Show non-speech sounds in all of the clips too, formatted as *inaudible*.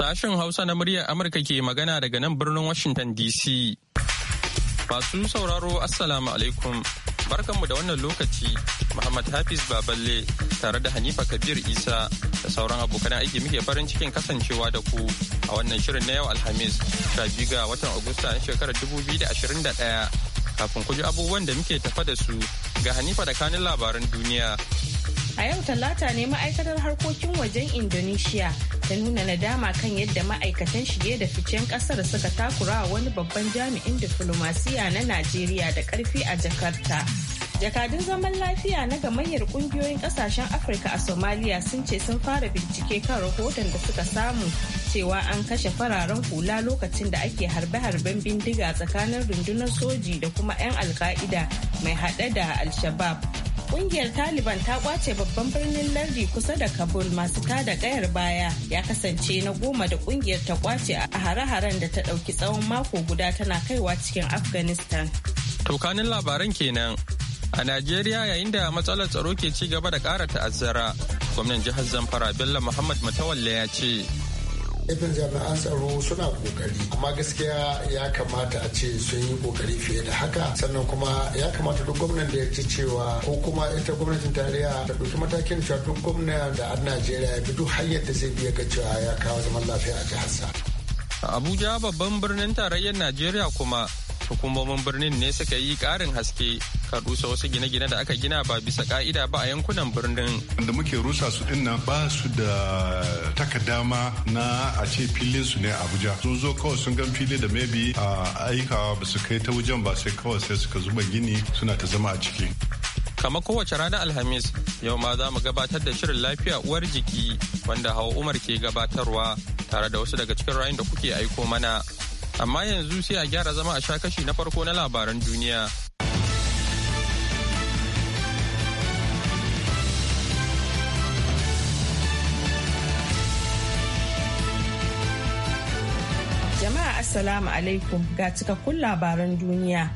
Sashen Hausa na muryar Amurka ke magana daga nan birnin Washington DC. Masu sauraro Assalamu alaikum. Barkanmu da wannan lokaci, Muhammad Hafiz Baballe tare da Hanifa Kabir Isa da sauran abokan aiki muke farin cikin kasancewa da ku a wannan shirin na yau Alhamis, biyu ga watan Agusta na shekarar 2021. Kafin ku ji abubuwan da muke tafa da su ga Hanifa da kanin labaran duniya. A yau talata ne ma'aikatar harkokin wajen Indonesia ta nuna nadama kan yadda ma'aikatan shige da ficen kasar suka takura wani babban jami'in diflomasiya na Najeriya da karfi a Jakarta. Jakadun zaman lafiya na gamayyar kungiyoyin kasashen Afirka a Somalia sun ce sun fara bincike kan rahoton da suka samu cewa an kashe fararen hula lokacin da ake harbe-harben bindiga tsakanin rundunar soji da kuma 'yan alka'ida mai haɗe da al-shabab. kungiyar taliban ta kwace babban birnin lardi kusa da kabul masu tada kayar baya ya kasance na goma da kungiyar ta kwace a hare-haren da ta ɗauki tsawon mako guda tana kaiwa cikin afghanistan tokanin labaran kenan a najeriya yayin da matsalar tsaro ke ci gaba da ƙara ta'azzara gwamnan jihar zamfara bello muhammad matawalle ya ce irin jami'an tsaro suna kokari amma gaskiya ya kamata a ce sun yi kokari fiye da haka sannan kuma ya kamata duk gwamnan da ya ci cewa ko kuma ita gwamnatin tarayya ta ɗauki matakin cewa duk gwamnan da an najeriya ya bi duk hanyar da zai biya ga cewa ya kawo zaman lafiya a jihar a abuja babban birnin tarayyar najeriya kuma hukumomin birnin ne suka yi karin haske ka rusa wasu gine-gine da aka gina ba bisa ka'ida ba a yankunan birnin da muke rusa su din nan ba su da takadama na a ce filin su ne abuja sun zo kawai sun gan fili da maybe a aikawa ba su kai ta wajen ba sai kawai sai suka zuba gini suna ta zama a ciki kamar kowace rana alhamis yau ma za mu gabatar da shirin lafiya uwar jiki wanda hawa umar ke gabatarwa tare da wasu daga cikin rayun da kuke aiko mana Amma yanzu sai a gyara zama a sha kashi na farko na labaran duniya. Jama'a Assalamu alaikum ga cikakkun labaran duniya.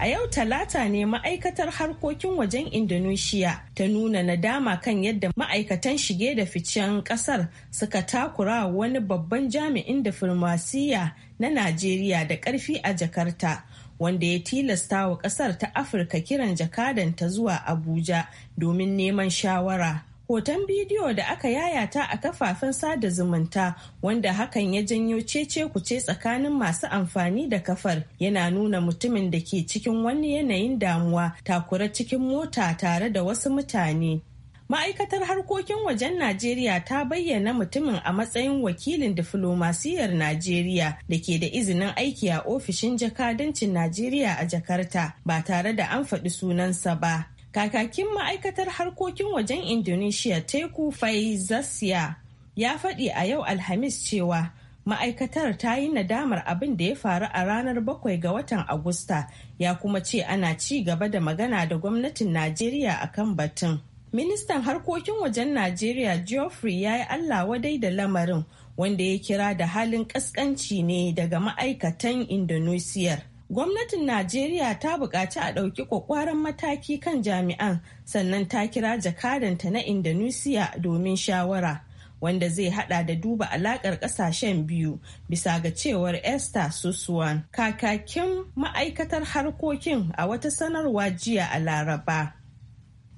A yau talata ne ma'aikatar harkokin wajen Indonesia ta nuna nadama kan yadda ma'aikatan shige da ficen kasar suka takura wani babban jami'in da firmasiya na Najeriya da karfi a Jakarta. wanda ya tilasta wa kasar ta afirka kiran jakadanta zuwa abuja domin neman shawara Hoton bidiyo da aka yayata a kafafen sada zumunta wanda hakan ya janyo cece kuce tsakanin masu amfani da kafar yana nuna mutumin da ke cikin wani yanayin damuwa takura cikin mota tare da wasu mutane. Ma'aikatar harkokin wajen Najeriya ta bayyana mutumin a matsayin wakilin diflomasiyyar Najeriya da ke da izinin aiki a ofishin jakadancin Najeriya a Jakarta ba tare da an faɗi sunansa ba. Kakakin ma'aikatar harkokin wajen Indonesia Teku Faizasiya ya faɗi a yau Alhamis cewa ma'aikatar ta yi nadamar abin da ya faru a ranar bakwai ga watan Agusta ya kuma ce ana ci gaba da magana da gwamnatin Najeriya kan batun. Ministan harkokin wajen Najeriya Geoffrey ya yi Allah wadai da lamarin wanda ya kira da halin kaskanci ne daga ma'aikatan Indonesiyar. gwamnatin najeriya ta buƙaci a ɗauki ƙwaƙwaran mataki kan jami'an sannan ta kira jakadanta na indonesia domin shawara wanda zai hada da duba alaƙar ƙasashen biyu bisa ga cewar esther susuwan kakakin ma'aikatar harkokin a wata sanarwa jiya a laraba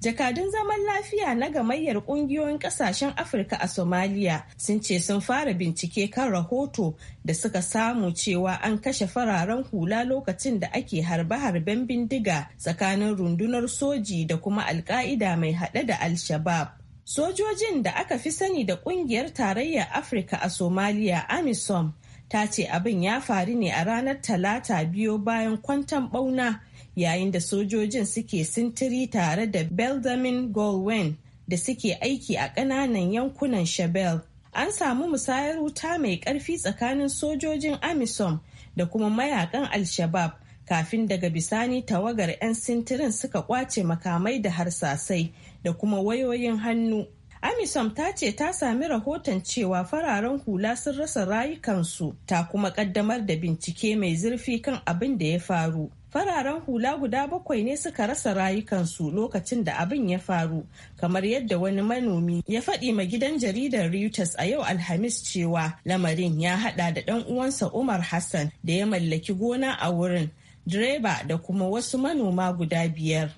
Jakadun zaman lafiya na gamayyar kungiyoyin kasashen Afirka a Somalia sun ce sun fara bincike kan rahoto da suka samu cewa an kashe fararen hula lokacin da ake harbe-harben bindiga tsakanin rundunar soji da kuma alka'ida mai haɗe da Al-Shabaab. Sojojin da aka fi sani da kungiyar tarayyar Afirka a Somalia AMISOM ta ce abin ya faru ne a ranar talata biyo bayan kwantan bauna yayin da sojojin suke sintiri tare da beldamin Golwen da suke aiki a ƙananan yankunan Shabelle. An samu musayar wuta mai ƙarfi tsakanin sojojin Amisom da kuma mayakan Al-Shabab kafin daga bisani tawagar 'yan sintirin suka kwace makamai da harsasai da kuma wayoyin hannu. Amisom ta ce ta sami rahoton cewa fararen hula sun rasa rayukansu ta kuma ƙaddamar da bincike mai zurfi kan abin da ya faru. fararen hula guda bakwai ne suka rasa rayukansu lokacin da abin ya faru kamar yadda wani manomi ya faɗi ma gidan jaridar reuters a yau alhamis cewa lamarin ya haɗa da ɗan uwansa umar hassan da ya mallaki gona a wurin direba da kuma wasu manoma guda biyar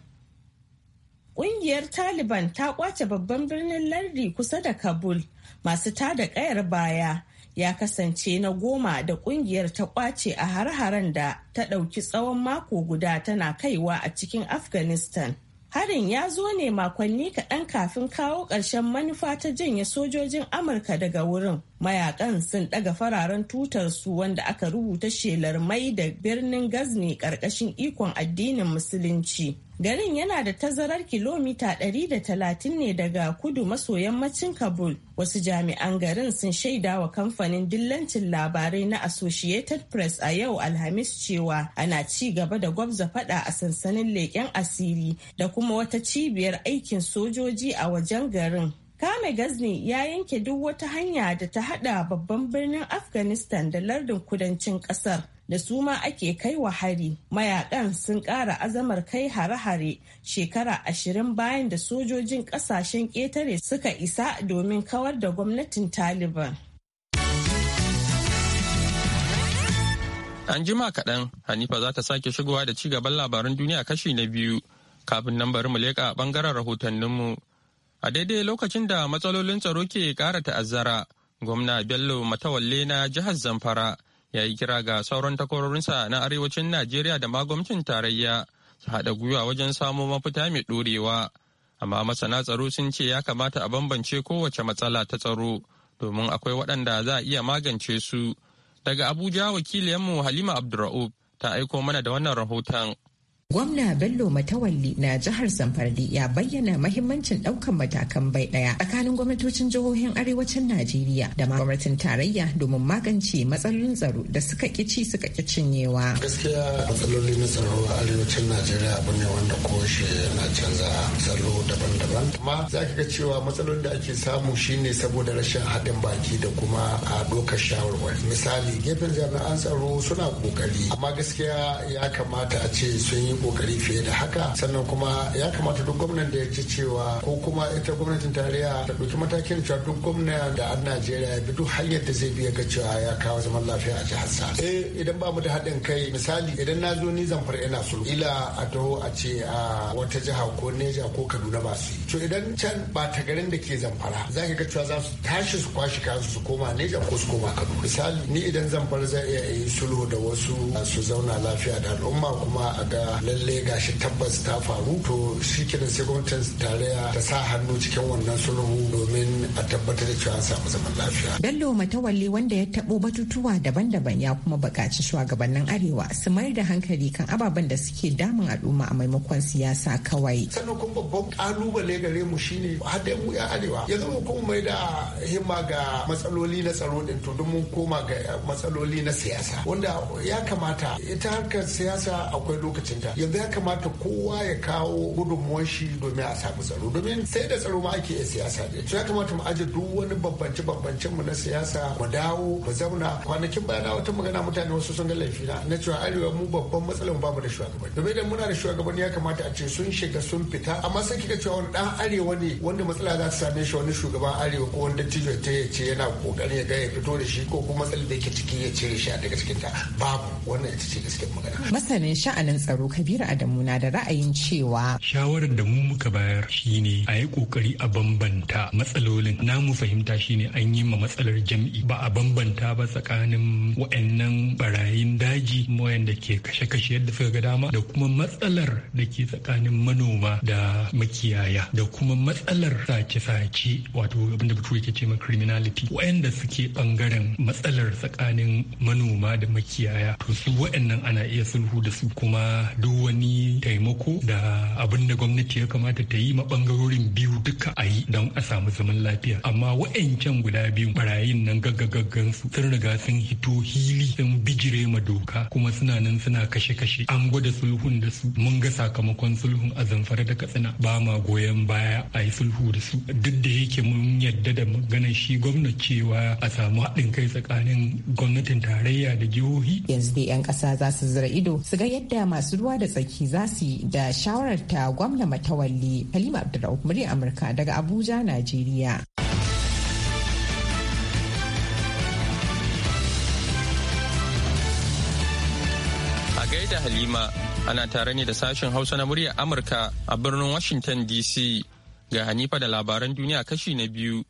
Ƙungiyar Taliban ta kwace babban birnin lardi kusa da Kabul masu tada ƙayar baya ya kasance na goma da kungiyar ta kwace a har-haren da ta ɗauki tsawon mako guda tana kaiwa a cikin afghanistan harin ya zo ne makonni kaɗan kafin kawo ƙarshen manufa ta janye sojojin amurka daga wurin mayakan sun ɗaga fararen tutar su wanda aka rubuta shelar mai da birnin gazni ƙarƙashin ikon addinin musulunci Garin yana da tazarar kilomita 130 ne daga kudu maso yammacin Kabul. Wasu jami'an garin sun shaida wa kamfanin dillancin labarai na Associated Press a yau Alhamis cewa ana ci gaba da gwabza fada a sansanin leƙen asiri da kuma wata cibiyar aikin sojoji a wajen garin. Kame Gazni ya yanke duk wata hanya da ta hada babban birnin Afghanistan da lardin kudancin kasar. da su ma ake kai wa hari mayakan sun kara azamar kai hare-hare shekara ashirin bayan da sojojin kasashen ƙetare suka isa domin kawar da gwamnatin taliban an jima kaɗan hanifa za ta sake shigowa da ci gaban labaran duniya kashi na biyu kafin nan bari mu leƙa ɓangaren rahotanninmu a daidai lokacin da matsalolin tsaro ke ƙara ta'azzara gwamna bello matawalle na jihar zamfara ya yi kira ga sauran takwarorinsa na arewacin najeriya da magwamcin tarayya su haɗa gwiwa wajen samo mafita mai ɗorewa amma masana tsaro sun ce ya kamata a bambance kowace matsala ta tsaro domin akwai waɗanda za a iya magance su daga abuja wakiliyanmu halima abdurra'ub ta aiko mana da wannan rahoton Gwamna Bello Matawalli na jihar Zamfardi ya bayyana mahimmancin ɗaukan matakan bai ɗaya tsakanin gwamnatocin jihohin arewacin Najeriya da ma gwamnatin tarayya domin magance matsalolin tsaro da suka kici suka ƙi cinyewa. Gaskiya matsaloli na tsaro a arewacin Najeriya abu ne wanda koshe na canza tsaro daban-daban. Amma za ka ga cewa matsalolin da ake samu shine saboda rashin haɗin baki da kuma a dokar shawarwari. Misali gefen jami'an tsaro suna ƙoƙari amma gaskiya ya kamata a ce sun yi kokari fiye da haka sannan kuma ya kamata duk gwamnan da ya ci cewa ko kuma ita gwamnatin tarayya ta ɗauki matakin cewa duk gwamnan da an najeriya ya bi duk hanyar da zai biya ga cewa ya kawo zaman lafiya a jihar sa eh idan ba mu da haɗin kai misali idan na zo ni zamfara ina sulhu ila a taho a ce a wata jiha ko neja ko kaduna ba su to idan can ba ta garin da ke zamfara za ka ga cewa za su tashi su kwashi kansu su koma neja ko su koma kaduna misali ni idan zamfara zai iya yi sulhu da wasu su zauna lafiya da al'umma kuma a ga lalle gashi tabbas ta faru to shi kenan sai gwamnatin tarayya ta sa hannu cikin wannan sulhu domin a tabbatar da cewa an samu zaman lafiya. Bello Matawalle wanda ya tabo batutuwa daban-daban ya kuma bukaci shugabannin Arewa su mayar da hankali kan ababen da suke damun al'umma a maimakon siyasa kawai. Sannan kuma babban kalubale gare mu shine haɗe mu ya Arewa. Yanzu mu kuma mai da himma ga matsaloli na tsaro din to mun koma ga matsaloli na siyasa wanda ya kamata ita harkar siyasa akwai lokacin ta yanzu ya kamata kowa ya kawo gudunmuwan shi domin a samu tsaro domin sai da tsaro ma ake iya siyasa ne ya kamata mu aje duk wani bambance bambancen mu na siyasa mu dawo mu zauna kwanakin bayana wata magana mutane wasu sun ga laifi na na cewa arewa mu babban matsalar ba mu da shugabanni domin idan muna da shugabanni ya kamata a ce sun shiga sun fita amma sai kika cewa wani dan arewa ne wanda matsala za ta same shi wani shugaban arewa ko wanda tijo ta ya ce yana kokarin ya ga ya fito da shi ko kuma matsalar da yake ciki ya cire shi a daga cikin ta babu wannan ita ce gaskiyar magana masanin sha'anin tsaro kan Kabiru Adamu na da ra'ayin cewa. Shawarar da mu muka bayar shine a yi kokari a bambanta matsalolin. Na mu fahimta shine an yi ma matsalar jam'i ba a bambanta ba tsakanin wa'annan barayin daji wa'anda ke kashe-kashe yadda suka ga dama da kuma matsalar da ke tsakanin manoma da makiyaya da kuma matsalar sace-sace wato abinda bature ke ce ma criminality wa'anda suke bangaren matsalar tsakanin manoma da makiyaya to su wa'annan ana iya sulhu da su kuma duk wani taimako da abin da gwamnati ya kamata ta yi ma bangarorin biyu duka a yi don a samu zaman lafiya amma wa'ancan guda biyu barayin nan gaggagaggan su sun riga sun hito hili sun bijire ma doka kuma suna nan suna kashe-kashe an gwada sulhun da su mun ga sakamakon sulhun a zamfara da katsina ba ma goyon baya a yi sulhu da su duk da yake mun yadda da maganar shi gwamnati cewa a samu haɗin kai tsakanin gwamnatin tarayya da jihohi yanzu dai 'yan ƙasa za su zira ido su ga yadda masu ruwa da tsaki za su yi da shawarar ta gwamna matawalli halima Abdulrahman murya amurka daga abuja najeriya a gaida halima ana tare ne da sashen hausa na muryar amurka a birnin washington dc ga hanifa da labaran duniya kashi na biyu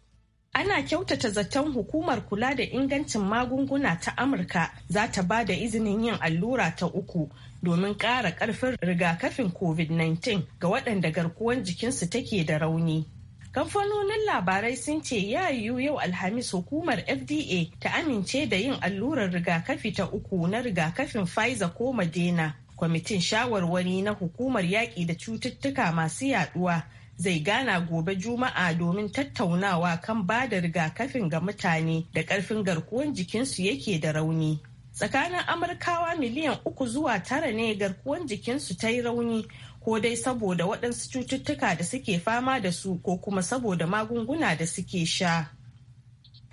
ana kyautata zaton hukumar kula da ingancin magunguna ta amurka za ta ba da izinin yin allura ta uku domin ƙara ƙarfin rigakafin covid-19 ga waɗanda garkuwan jikinsu take da rauni kamfanonin labarai sun ce ya yiwu yau alhamis hukumar fda ta amince da yin allurar rigakafi ta uku na rigakafin pfizer ko madena kwamitin shawarwari na hukumar yaƙi da cututtuka masu yaɗuwa zai gana gobe Juma'a domin tattaunawa kan ba da rigakafin ga mutane da ƙarfin garkuwan jikinsu yake da rauni. Tsakanin Amurkawa miliyan uku zuwa tara ne garkuwan jikinsu ta yi rauni ko dai saboda waɗansu cututtuka da suke fama da su ko kuma saboda magunguna da suke sha.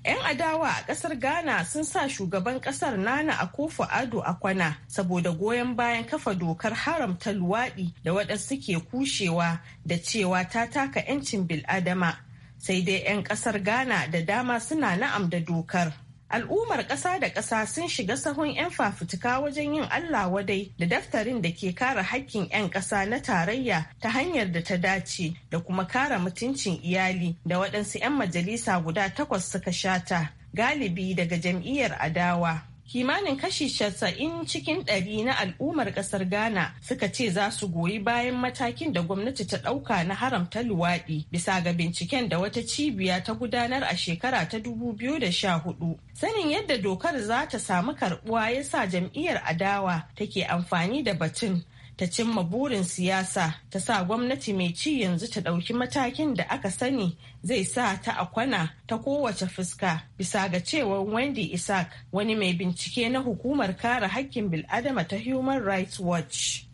'Yan adawa a ƙasar Ghana sun sa shugaban ƙasar Nana Akufo Ado a kwana saboda goyon bayan kafa dokar haramta luwaɗi da waɗansu ke kushewa da cewa ta taka 'yancin bil'adama. Sai dai 'yan ƙasar Ghana da dama suna na'am da dokar. al'ummar ƙasa da ƙasa sun shiga sahun 'yan fafutuka wajen yin Allah wadai da daftarin da ke kare hakkin 'yan ƙasa na tarayya ta hanyar da ta dace da kuma kare mutuncin iyali da waɗansu 'yan majalisa guda takwas suka shata galibi daga jam'iyyar adawa kimanin kashi casa'in cikin ɗari na al'ummar ƙasar ghana suka ce za su goyi bayan matakin da gwamnati ta ɗauka na haramta luwaɗi bisa ga binciken da wata cibiya ta gudanar a shekara ta 2014 sanin yadda dokar za ta samu karɓuwa ya sa jam'iyyar adawa take amfani da batun ta cimma burin siyasa ta sa gwamnati mai ci yanzu ta ɗauki matakin da aka sani zai sa ta akwana ta kowace fuska bisa ga cewar wendy isaac wani mai bincike na hukumar kare hakkin bil'adama ta human rights watch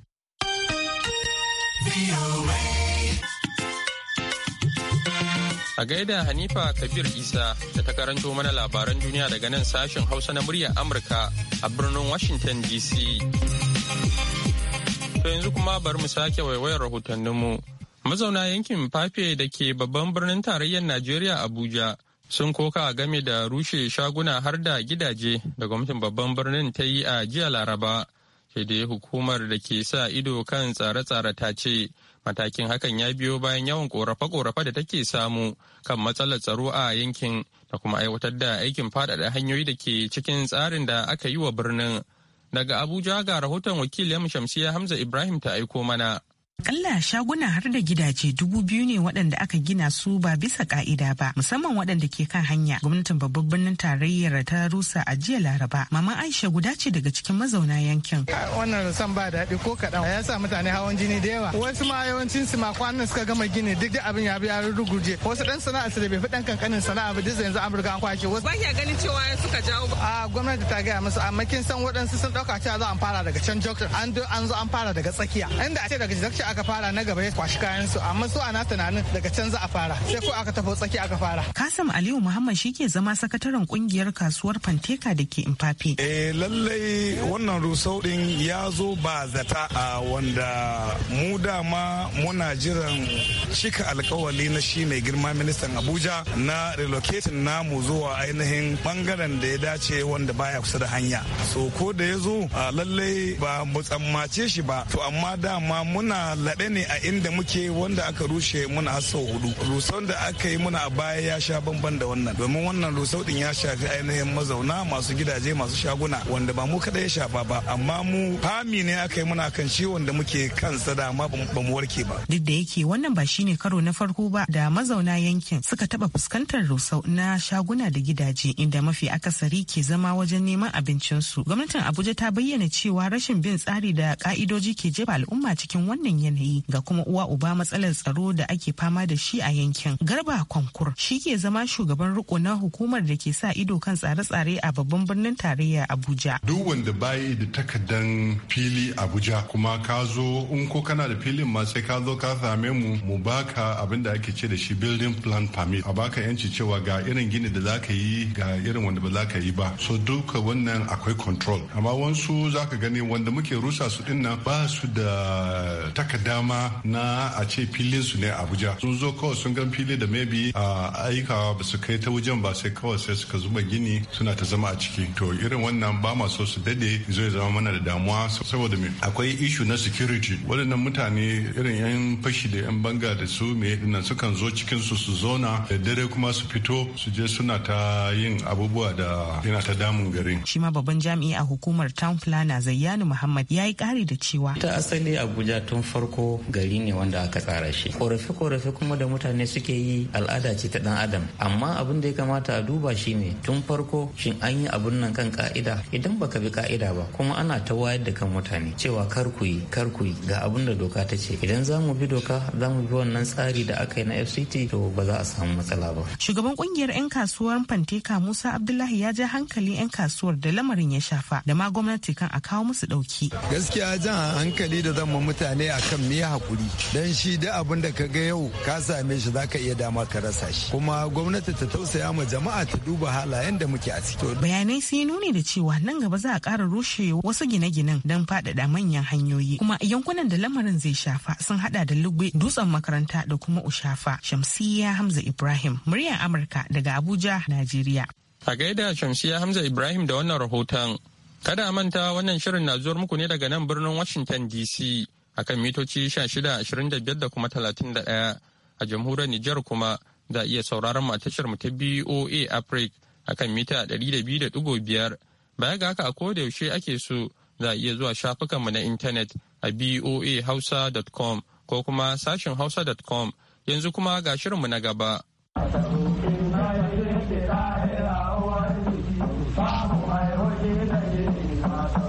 a gaida hanifa kabir isa da ta karanto mana labaran duniya daga nan sashen hausa na murya amurka a birnin washington dc To yanzu kuma bari mu sake waiwayar rahotanninmu. Mazauna yankin Fafe da ke babban birnin tarayyar Najeriya Abuja sun koka game da rushe shaguna har da gidaje da gwamnatin babban birnin ta yi a jiya Laraba. Sai dai hukumar da ke sa ido kan tsare-tsare ta ce matakin hakan ya biyo bayan yawan korafe-korafe da take samu kan matsalar tsaro a yankin da kuma aiwatar da aikin faɗaɗa hanyoyi da ke cikin tsarin da aka yi wa birnin. Daga Abuja ga rahoton wakilin Shamsiya Hamza Ibrahim ta aiko mana. Kalla shaguna har da gidaje dubu biyu ne waɗanda aka gina su ba bisa ka'ida ba musamman waɗanda ke kan hanya gwamnatin babban birnin tarayyar ta rusa a jiya laraba mama aisha guda ce daga cikin mazauna yankin wannan rusan ba daɗi ko kaɗan ya sa mutane hawan jini da yawa wasu ma yawancin su ma kwanan suka gama gini duk da abin ya bi ya ruguje wasu ɗan sana'a su da bai fi ɗan kankanin sana'a ba duk yanzu an an kwashe. wasu ba ganin cewa suka jawo ba a gwamnati ta gaya musu amma kin san waɗansu sun ɗauka cewa za an fara daga can jokta an zo an fara daga tsakiya inda a ce daga jokta aka fara na gaba ya kwashi kayan su amma su ana tunanin daga can za a fara sai ko aka tafi tsaki aka fara Kasim Aliyu Muhammad shi ke zama sakataren kungiyar kasuwar Fanteka da ke Imfafe eh lallai wannan rusau din ya zo ba zata a wanda mu dama muna jiran cika alkawali na shi mai girma ministan Abuja na relocating namu zuwa ainihin bangaren da ya dace wanda baya kusa da hanya so ko da ya zo lallai ba mu tsammace shi ba to amma dama muna laɓe ne a inda muke wanda aka rushe muna har hudu rusau da aka yi muna a baya ya sha bamban da wannan domin wannan rusau din ya shafi ainihin mazauna masu gidaje masu shaguna wanda ba mu kada ya shafa ba amma mu fami ne aka yi muna kan shi wanda muke kansa da ma ba mu warke ba duk da yake wannan ba shine karo na farko ba da mazauna yankin suka taba fuskantar rusau na shaguna da gidaje inda mafi akasari ke zama wajen neman abincinsu gwamnatin abuja ta bayyana cewa rashin bin tsari da ka'idoji ke jefa al'umma cikin wannan yanayi ga kuma uwa uba matsalar tsaro da ake fama da shi a yankin. Garba Kwankur shi ke zama shugaban riko na hukumar da ke sa ido kan tsare-tsare a babban birnin tarayya Abuja. Duk wanda bayi da takardan fili Abuja kuma ka zo in ko kana da filin ma sai ka zo ka same mu mu baka abin da ake ce da shi building plan permit a baka yanci cewa ga irin gini da zaka yi ga irin wanda ba zaka yi ba. So duka wannan akwai control amma wasu zaka gani wanda muke rusa su dinnan ba su da takardan baka dama na a ce filin su ne abuja sun zo kawai sun gan fili da maybe a aikawa ba su kai ta wajen ba sai kawai sai suka zuba gini suna ta zama a ciki to irin wannan ba ma so su dade zai zama mana da damuwa saboda me akwai ishu na security waɗannan mutane irin yan fashi da yan banga da su me dinnan sukan zo cikin su su zauna da dare kuma su fito su je suna ta yin abubuwa da yana ta damun garin shi ma babban jami'i a hukumar town planner zayyanu muhammad ya yi kari da cewa ta asali abuja tun faru. farko gari ne wanda aka tsara shi korafe-korafe kuma da mutane suke yi al'ada ce ta dan adam amma abin da ya kamata a duba shi ne tun farko shin an yi abun nan kan ka'ida idan baka bi ka'ida ba kuma ana ta wayar da kan mutane cewa kar ku yi kar ku yi ga abin da doka ta ce idan za mu bi doka za mu bi wannan tsari da aka yi na fct to ba za a samu matsala ba shugaban kungiyar 'yan kasuwar fanteka musa abdullahi ya ja hankalin 'yan kasuwar da lamarin ya shafa da ma gwamnati kan a kawo musu dauki gaskiya jan hankali da zama mutane a kan hakuri dan shi da abin da ka ga yau ka same shi zaka iya dama ka rasa shi kuma gwamnati ta tausaya ma jama'a ta duba halayen da muke a ciki bayanai sun nuni da cewa nan gaba za a ƙara rushe wasu gine-ginen dan faɗaɗa manyan hanyoyi kuma yankunan da lamarin zai shafa sun hada da lugbe dutsen makaranta da kuma ushafa shamsiya hamza ibrahim muryar amurka daga abuja najeriya a gaida shamsiya hamza ibrahim da wannan rahoton kada manta wannan shirin na zuwar muku ne daga nan birnin washington dc akan mitoci 1625 da kuma 31 a jamhuriyar Nijar kuma za a iya sauraron matashar mu ta BOA Africa akan mita 200.5 baya ga haka a koda yaushe ake so za a iya zuwa shafukanmu na intanet a boahausa.com ko kuma sashin hausa.com yanzu kuma ga shirinmu na gaba. *laughs*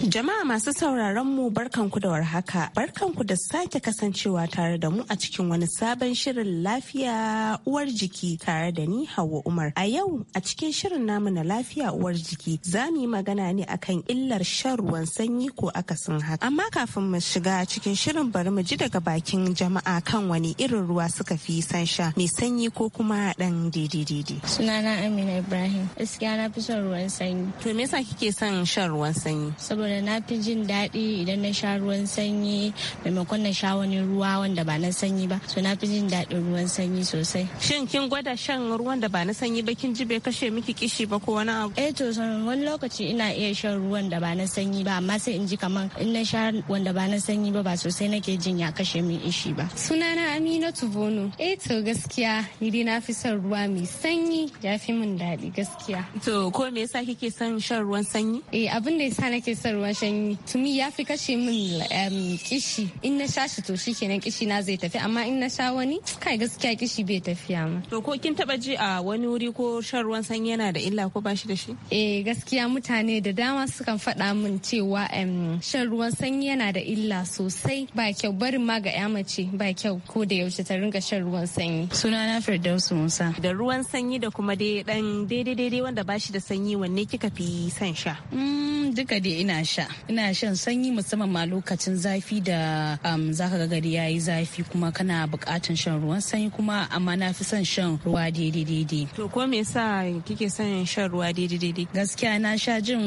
Jama'a masu sauraron mu barkanku da warhaka. Barkanku da sake kasancewa tare da mu a cikin wani sabon shirin lafiya uwar jiki tare da ni Hauwa Umar. A yau a cikin shirin namu na lafiya uwar jiki za mu yi magana ne akan illar shan ruwan sanyi ko akasin haka. Amma kafin mu shiga cikin shirin bari mu ji daga bakin jama'a kan wani irin ruwa suka fi san sha mai sanyi ko kuma dan didididi Sunana Amina Ibrahim. Gaskiya na fi son ruwan sanyi. To me yasa kike son shan ruwan sanyi? saboda na fi jin daɗi idan na sha ruwan sanyi maimakon na sha wani ruwa wanda ba na sanyi ba so na fi jin daɗin ruwan sanyi sosai shin kin gwada shan ruwan da ba na sanyi ba kin ji bai kashe miki kishi ba ko wani abu eh to wani lokaci ina iya shan ruwan da ba na sanyi ba amma sai in ji kaman in na sha wanda ba na sanyi ba ba sosai nake jin ya kashe min ishi ba sunana Aminatu Bono eh to gaskiya ni dai na fi son ruwa mai sanyi ya fi min daɗi gaskiya to ko me yasa kike son shan ruwan sanyi eh abin da yasa nake son ruwan shanyi tumi ya fi kashe min um, kishi in na sha shi to kenan kishi na zai tafi amma in na sha wani kai gaskiya kishi bai tafiya ma to ko kin taba ji a wani wuri ko shan ruwan sanyi yana da illa ko bashi da shi eh gaskiya mutane da dama sukan faɗa min cewa um, shan ruwan sanyi yana da illa sosai ba kyau barin ma ga ya mace ba kyau ko da yaushe ta ringa shan ruwan sanyi sunana firdausu musa da ruwan sanyi da kuma dai dan daidai daidai wanda bashi da sanyi wanne kika fi san sha mm, duka dai ina ina sha ina shan sanyi musamman ma lokacin zafi da um, zaka ga gari yayi zafi kuma kana bukatan shan ruwan sanyi kuma amma na fi son shan ruwa daidai daidai to ko me yasa kike son shan ruwa daidai daidai gaskiya na sha jin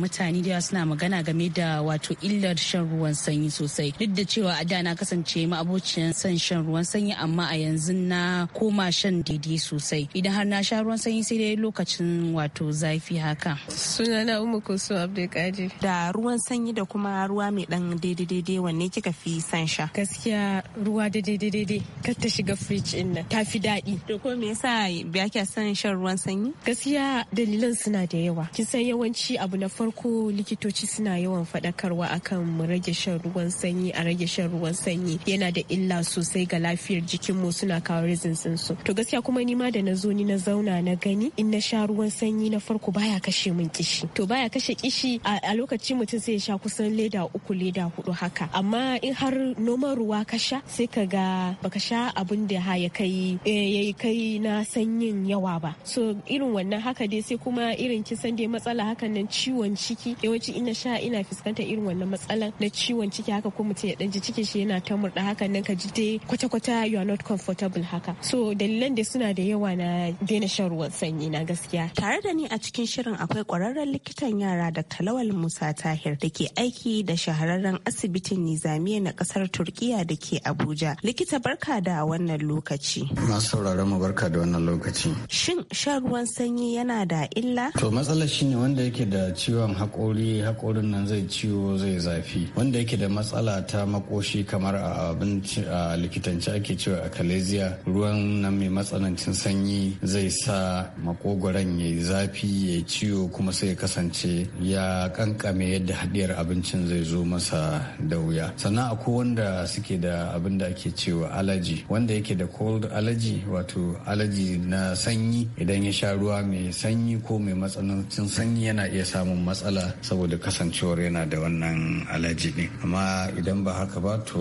mutane da suna magana game da wato illar shan ruwan sanyi sosai duk da cewa a da na kasance abocin son shan ruwan sanyi amma a yanzu na koma shan daidai sosai idan har na sha ruwan sanyi sai dai lokacin wato zafi haka sunana umu kusu abdulkadir da ruwan sanyi da kuma ruwa mai dan daidai daidai wanne kika fi san sha gaskiya ruwa daidai daidai kar ta shiga fridge din nan ta fi daɗi to ko me yasa ba kya san shan ruwan sanyi gaskiya dalilan suna da yawa kin san yawanci abu na farko likitoci suna yawan faɗakarwa akan mu rage shan ruwan sanyi a rage shan ruwan sanyi yana da illa sosai ga lafiyar jikinmu suna kawo rizinsin su to gaskiya kuma ni ma da na zo ni na zauna na gani in na sha ruwan sanyi na farko baya kashe min kishi to baya kashe kishi a lokacin lokaci mutum ya sha kusan leda uku leda hudu haka amma in har noman ruwa ka sha sai ka ga baka sha abin da ya kai eh, ya kai na sanyin yawa ba so irin wannan haka dai sai kuma irin kisan dai matsala hakan nan ciwon ciki yawanci ina sha ina fuskantar irin wannan matsalan na ciwon ciki haka ko mutum ya danji ciki cikin shi yana ta murda hakan nan ka ji dai kwata-kwata you are not comfortable haka so dalilan da suna da yawa na daina shan ruwan sanyi na gaskiya tare da ni a cikin shirin akwai kwararren likitan yara da talawal musa Musa Tahir da ke aiki da shahararren asibitin Nizamiya na kasar Turkiya da ke Abuja. Likita barka da wannan lokaci. Masu sauraron mu barka da wannan lokaci. Shin shan ruwan sanyi yana da illa? To matsalar ne wanda yake da ciwon haƙori haƙorin nan zai ciwo zai zafi. Wanda yake da matsala ta makoshi kamar a abinci a likitance ake cewa a kaleziya ruwan nan mai matsanancin sanyi zai sa makogoron ya yi zafi ya ciwo kuma sai ya kasance ya kankan mai yadda hadiyar abincin zai zo masa da wuya sannan akwai wanda suke da abin da ake cewa alaji wanda yake da cold alaji wato alaji na sanyi idan ya sha ruwa mai sanyi ko mai matsanancin sanyi yana iya samun matsala saboda kasancewar yana da wannan alaji ne amma idan ba haka ba to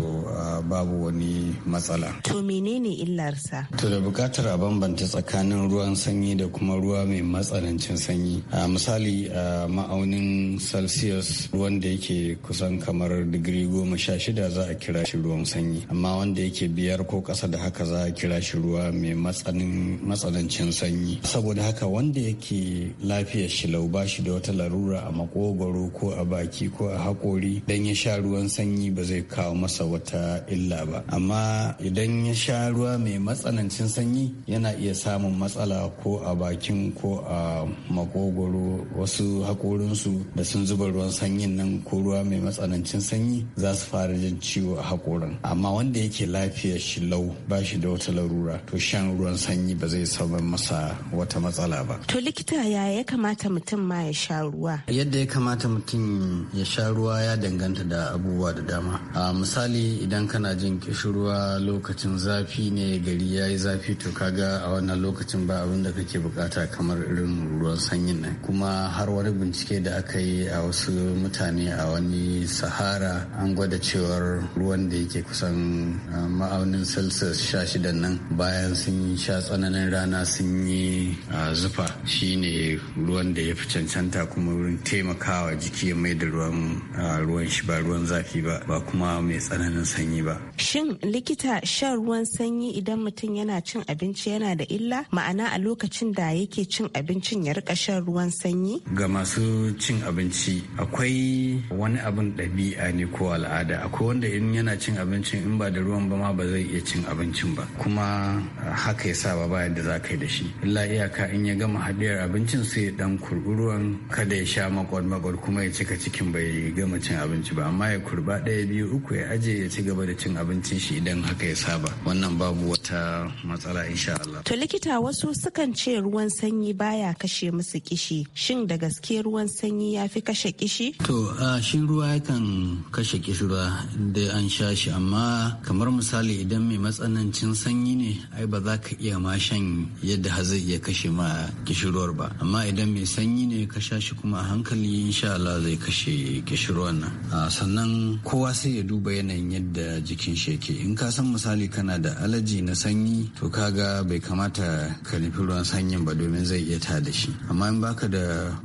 babu wani matsala to menene illarsa to da bukatar a bambanta tsakanin ruwan sanyi da kuma ruwa mai matsanancin sanyi misali ma'aunin celsius celsius wanda yake kusan kamar digiri goma sha shida za a kira shi ruwan sanyi amma wanda yake biyar ko kasa da haka za a kira shi ruwa mai matsanancin sanyi saboda haka wanda yake lafiyar shi lauba ba shi da wata larura a makogwaro ko a baki ko a haƙori dan ya sha ruwan sanyi ba zai kawo masa wata illa ba amma idan ya sha ruwa mai matsanancin sanyi yana iya samun matsala ko a bakin ko a makogwaro wasu haƙorinsu da sun zuba ruwan sanyin nan ko ruwa mai matsanancin sanyi za su fara jin ciwo a haƙoran, amma wanda yake lafiya shi lau ba shi da wata larura to shan ruwan sanyi ba zai saba masa wata matsala ba to likita ya ya kamata mutum ma ya sha ruwa yadda ya kamata mutum ya sha ruwa ya danganta da abubuwa da dama a misali idan kana jin kishirwa lokacin zafi ne gari ya yi zafi to kaga a wannan lokacin ba abin da kake bukata kamar irin ruwan sanyin nan kuma har wani bincike da aka yi a wasu mutane a wani sahara an gwada cewar ruwan da yake kusan ma'aunin celsius sha shidan nan bayan sun sha tsananin rana sun yi zufa shi ne ruwan da ya fi cancanta kuma wurin taimakawa jiki ya mai da ruwan ruwan shi ba ruwan zafi ba ba kuma mai tsananin sanyi ba shin likita shan ruwan sanyi idan mutum yana cin abinci yana da illa ma'ana a lokacin da yake cin abincin ya rika shan ruwan sanyi ga masu cin abinci akwai wani abin ɗabi'a ne ko al'ada akwai wanda in yana cin abincin in ba da ruwan ba ma ba zai iya cin abincin ba kuma haka ya sa ba ba yadda za ka yi da shi illa iyaka in ya gama haɗiyar abincin sai ya ɗan kurɓi ruwan kada ya sha makwal makwal kuma ya cika cikin bai gama cin abinci ba amma ya kurba ɗaya biyu uku ya aje ya ci gaba da cin abincin shi idan haka ya saba wannan babu wata matsala insha Allah. To likita wasu sukan ce ruwan sanyi baya kashe musu kishi shin da gaske ruwan sanyi ya fi kashe kishi? To shi ruwa yakan kashe kishirwa da an sha shi amma kamar misali idan mai matsanancin sanyi ne ai ba za ka iya ma shan yadda zai iya kashe ma kishirwar ba amma idan mai sanyi ne ka sha shi kuma a hankali insha Allah zai kashe kishirwar nan. A Sannan kowa sai ya duba yanayin yadda jikin shi yake in ka san misali kana da alaji na sanyi to ka ga bai kamata ka nufi ruwan sanyin ba domin zai iya ta da shi amma in baka da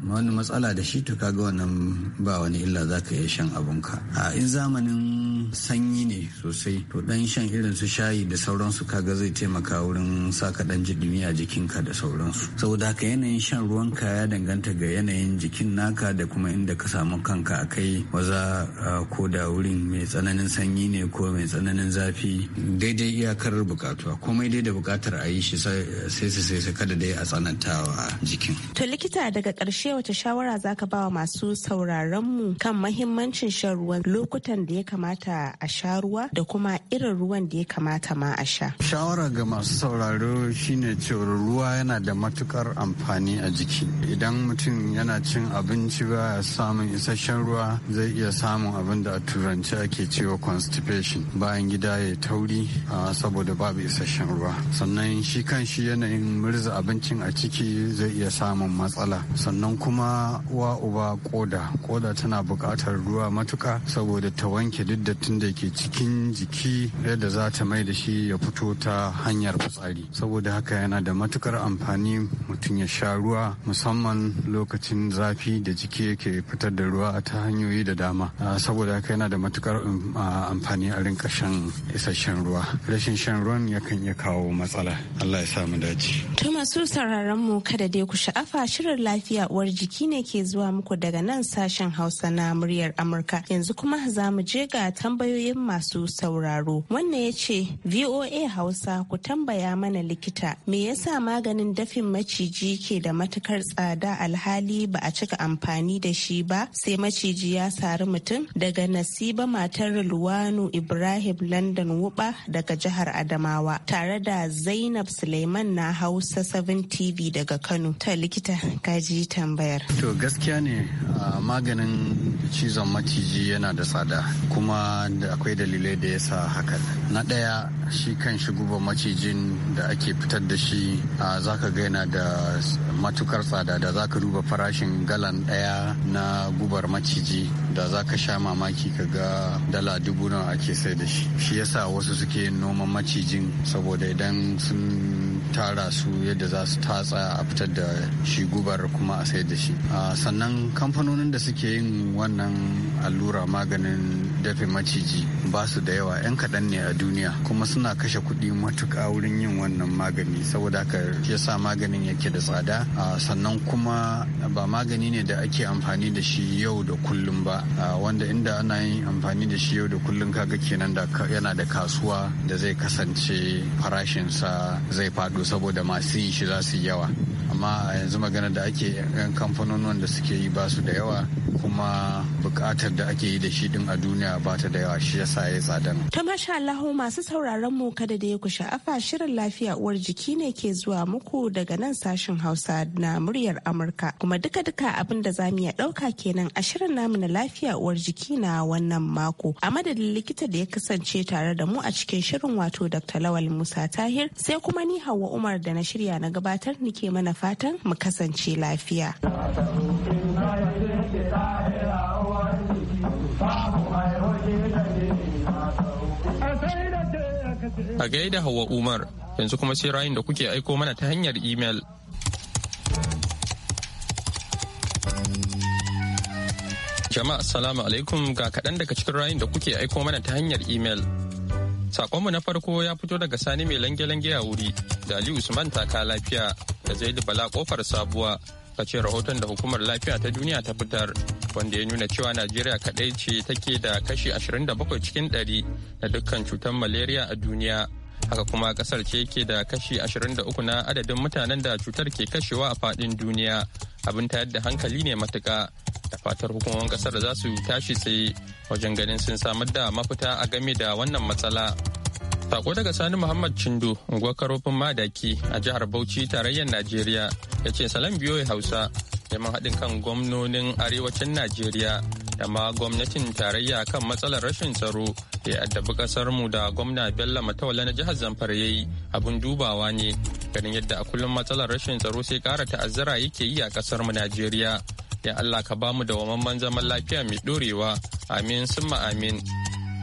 wani matsala da shi to kaga wannan ba wani illa za ka iya shan abunka a in zamanin sanyi ne sosai to dan shan irin su shayi da sauransu kaga zai taimaka wurin saka dan jidimi a jikinka da sauransu saboda haka yanayin shan ruwan ka ya danganta ga yanayin jikin naka da kuma inda ka samu kanka a kai waza ko da wurin mai tsananin sanyi ne ko mai tsananin zafi daidai iyakar bukatuwa komai dai da bukatar a yi shi sai su sai kada dai a tsanantawa jikin to likita daga karshe wata shawara zaka ba wa masu sauraron mu kan mahimmancin shan ruwan lokutan da ya kamata kamata a sha ruwa da kuma irin ruwan da ya kamata ma a sha. Shawara ga masu sauraro shine cewar ruwa yana da matukar amfani a jiki. Idan mutum yana cin abinci ba samun isasshen ruwa zai iya samun abin da a turanci ake cewa constipation bayan gida ya tauri saboda babu isasshen ruwa. Sannan shi kan shi yanayin murza abincin a ciki zai iya samun matsala. Sannan kuma wa uba koda koda tana buƙatar ruwa matuka saboda ta wanke duk datti da ke cikin jiki yadda za ta mai da shi ya fito ta hanyar fitsari saboda haka yana da matukar amfani mutum ya sha ruwa musamman lokacin zafi da jiki yake fitar da ruwa ta hanyoyi da dama ah, saboda haka yana da matukar um, ah, amfani a rinka shan isasshen ruwa rashin shan ruwan yakan iya kawo matsala allah ya sa mu dace to masu sauraron mu kada dai ku sha'afa shirin lafiya uwar jiki ne ke zuwa muku daga nan sashen hausa na muryar amurka yanzu kuma za mu je ga tambayoyin masu sauraro. Wannan ya ce VOA Hausa ku tambaya mana likita me yasa maganin dafin maciji ke da matukar tsada alhali ba a cika amfani da shi ba sai maciji ya sari mutum daga nasiba matar Luwanu Ibrahim London Wuba daga jihar Adamawa tare da Zainab Suleiman na Hausa 7 TV daga Kano. Ta likita kaji tambayar. To gaskiya ne maganin cizon maciji yana da tsada kuma akwai dalilai da ya sa hakan na ɗaya shi kan shi guba macijin da ake fitar da shi a zaka ga yana da matukar tsada da zaka duba farashin galan ɗaya na gubar maciji da zaka sha mamaki ka ga dala dubu nawa ake sai da shi shi yasa wasu suke noman macijin saboda idan sun tara su yadda za su tatsa a fitar da shi gubar kuma a sai da shi sannan kamfanonin da suke yin wannan allura maganin dafe maci maciji ba su da yawa 'yan kaɗan ne a duniya kuma suna kashe kuɗi matuƙa wurin yin wannan magani saboda haka ya sa maganin yake da tsada sannan kuma ba magani ne da ake amfani da shi yau da kullum ba wanda inda ana yin amfani da shi yau da kullum kaga kenan da yana da kasuwa da zai kasance farashinsa zai faɗo saboda masu yi shi za su yi yawa amma a yanzu magana da ake yan kamfanonin da suke yi ba su da yawa kuma buƙatar da ake yi da shi din a duniya ba ta da yawa shi yasa ya Ta masha Allah masu sauraron mu kada da ya ku sha'afa shirin lafiya uwar jiki ne ke zuwa muku daga nan sashen Hausa na muryar Amurka kuma duka-duka abin da zamu iya ɗauka kenan a shirin namu na lafiya uwar jiki na wannan mako. A madadin likita da ya kasance tare da mu a cikin shirin wato Dr. Lawal Musa Tahir sai kuma ni Hauwa Umar da na shirya na gabatar nike mana fatan mu kasance lafiya. Babu A gaida Hauwa Umar, yanzu kuma sai rayun da kuke aiko mana ta hanyar imel. Jama'a salamu alaikum ga kaɗan daga cikin rayun da kuke aiko mana ta hanyar imel. Sakonmu na farko ya fito daga Sani mai lange-lange a wuri da Ali Usman taka lafiya da Zaidu Bala kofar sabuwa ka ce rahoton da hukumar lafiya ta duniya ta fitar wanda ya nuna cewa najeriya kadai ce take da kashi 27 cikin 100 na dukkan cutar malaria a duniya haka kuma kasar ce ke da kashi 23 na adadin mutanen da cutar ke kashewa a fadin duniya abin tayar da hankali ne matuka da fatar hukumar kasar za su tashi tsaye wajen ganin sun samar da mafita a game da wannan matsala. Sako daga Sani Muhammad Chindo, unguwar karofin madaki a jihar Bauchi tarayyar Najeriya ya ce salam ya Hausa neman haɗin kan gwamnonin arewacin Najeriya da ma gwamnatin tarayya kan matsalar rashin tsaro da ya addabi ƙasarmu da gwamna Bello Matawala na jihar Zamfara yi abin dubawa ne ganin yadda a kullum matsalar rashin tsaro sai ƙara ta'azzara yake yi a ƙasarmu Najeriya. Ya Allah ka bamu da wamamman zaman lafiya mai ɗorewa. Amin summa amin.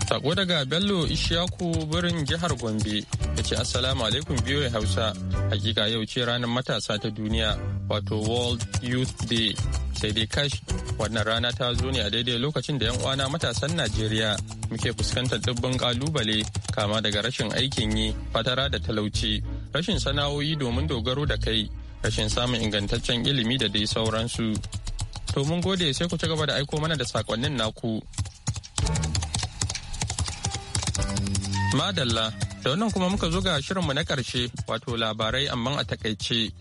Sako daga Bello Ishaku birin jihar Gombe ya ce Assalamu alaikum biyoyi Hausa. Hakika yau ce ranar matasa ta duniya wato World Youth Day. Sai dai kash wannan rana ta zo ne a daidai lokacin da 'yan uwana matasan Najeriya muke fuskantar dubban kalubale kama daga rashin aikin yi, fatara da talauci, rashin sana'o'i domin dogaro da kai, rashin samun ingantaccen ilimi da dai sauransu. To mun gode sai ku ci gaba da aiko mana da sakonnin naku. Madalla, da wannan kuma muka zo ga shirinmu na ƙarshe wato labarai amma a takaice.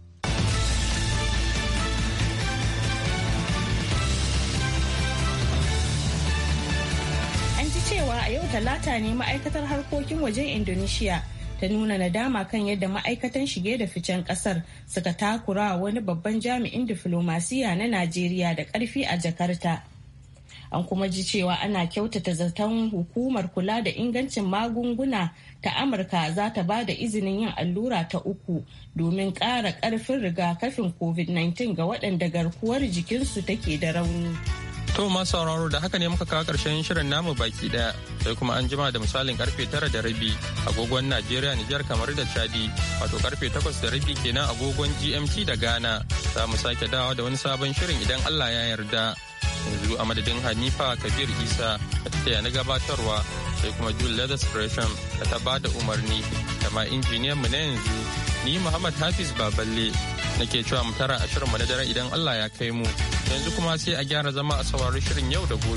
An ji cewa a yau talata ne ma'aikatar harkokin wajen Indonesia ta nuna nadama kan yadda ma'aikatan shige da ficen kasar suka takura wani babban jami'in diflomasiya na Najeriya da karfi a Jakarta. An kuma ji cewa ana kyautata zaton hukumar kula da ingancin magunguna ta Amurka za ta ba da izinin yin allura ta uku domin ƙara ƙarfin rigakafin COVID-19 ga waɗanda garkuwar jikinsu take da rauni. To masu sauraro da haka ne muka kawo ƙarshen shirin namu baki ɗaya sai kuma an jima da misalin karfe tara da rabi agogon Najeriya Nijar kamar da Chadi wato karfe takwas da rabi kenan agogon GMT da Ghana za mu sake dawa da wani sabon shirin idan Allah ya yarda. yanzu a madadin hanifa kabir isa da na gabatarwa sai kuma jul leathers gresham da ta ba da umarni da ma injiniyan mu na yanzu ni muhammad hafiz baballe nake cewa mu tara a na dare idan allah ya kai mu yanzu kuma sai a gyara zama a saurari shirin yau da gobe